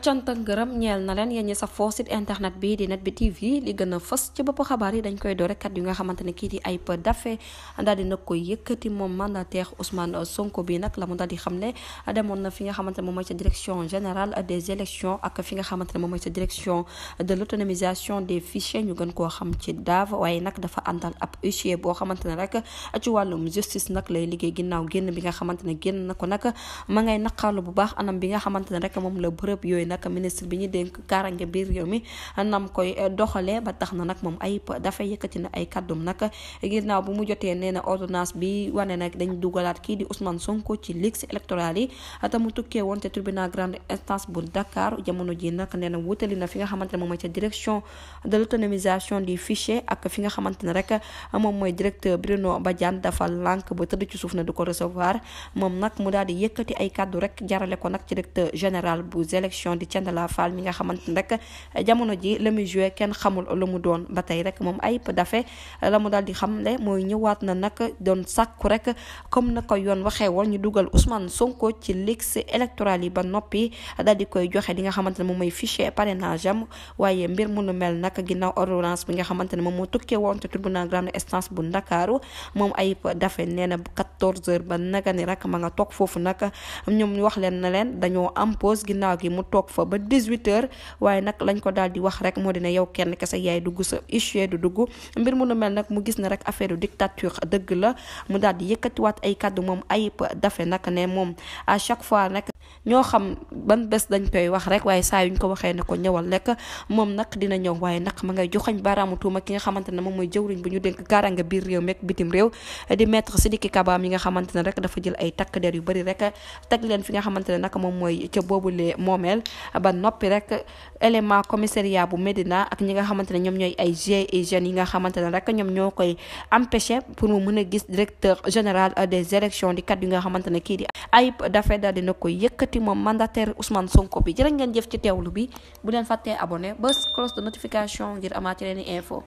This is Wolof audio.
cant ak ngërëm ñeel na leen yéen ñi safoo site internet bi di net bi TV li gën fës ci bopp xabaar yi dañ koy doore kat yu nga xamante ne kii di ay peu dafe daal la mu na fi nga xamante ne moom mooy sa direction générale des élections ak fi nga xamante ne moom mooy sa direction de l'autonomisation des fichiers ñu gën koo ab huissier boo xamante ne rek ci wàllum justice nag lay liggéey ginnaaw génn bi nga xamante ne génn na ko nag ma ngay naqarlu bu baax anam bi nga xamante ne rek moom la bërëb yooyu yooyu nag ministre bi ñu dénk kaaraange biir réew mi nam koy eh, doxalee ba tax na nag moom ayib dafay yëkkati na ay kàddum mu jotee nee na ordonnance bi wane nag dañ dugalaat kii di Ousmane Sonko ci liste électorale yi te mu tukkee woon te tribunal grande instance bu Dakar jamono ji nag nee na wutali na fi nga xamante ne moom mooy ca direction de l'autonomisation du fichier ak fi nga xamante ne rek moom mooy directeur Bruno Badiane dafa lànk ba tëdd ci suuf na du ko recevoir moom nag mu daal di yëkkati ay kàddu rek jarale ko nag ci directeur général bu élection production di Thiendella Fall mi nga xamante ne rek jamono ji la muy kenn xamul lu doon ba rek moom Ayib Daffé la mu di xam ne mooy ñëwaat na nag doon sàkku rek comme na ko yoon waxee woon ñu dugal Ousmane Sonko ci liste électorale yi ba noppi daal di koy joxe li nga xamante ne moom mooy fichier parrainage am waaye mbir mu nu mel nag ginnaaw ordonnance bi nga xamante moo tukkee woon grande instance bu Ndakaaru moom Ayib Daffé nee kat 14 heures ba naga ni rek ma nga toog foofu nag ñoom ñu wax leen na leen dañoo am pause ginnaaw gi mu toog fa ba 18 heures waaye nag lañ ko daal di wax rek moo dina yow kenn kese yaay dugg sa issue du dugg mbir mu nu mel nag mu gis na rek affaire dictature dëgg la mu daal di yëkkatiwaat ay kaddu moom ay dafe nag ne moom à chaque fois nag ñoo xam ban bés dañ koy wax rek waaye saa yuñ ko waxee ne ko ñëwal lekk moom nag dina ñëw waaye nag ma ngay joxañ baaraamu tuuma ki nga xamante ne moom mooy jëwriñ bu ñu dénk kaaraange biir réew meek bitim réew di maître Sidiki Kaba mi nga xamante ne dafa jël ay takk der yu bari rek teg leen fi nga xamante ne nag moom mooy ca boobulee moomeel ba noppi rek élément commissariat bu Médina ak ñi nga xamante ne ñoom ñooy ay GIE jeunes yi nga xamante ne rek ñoom ñoo koy empêché pour mu mën a gis directeur général des élections di kat yi nga xamante ne kii di Ayib Daffé daal dina ko yëkkati yëkkati moom mandataire Ousmane Sonko bi jërë ngeen jëf ci teewlu bi bu leen fàttee abonné ba cloche de notification ngir amaat yeneen i info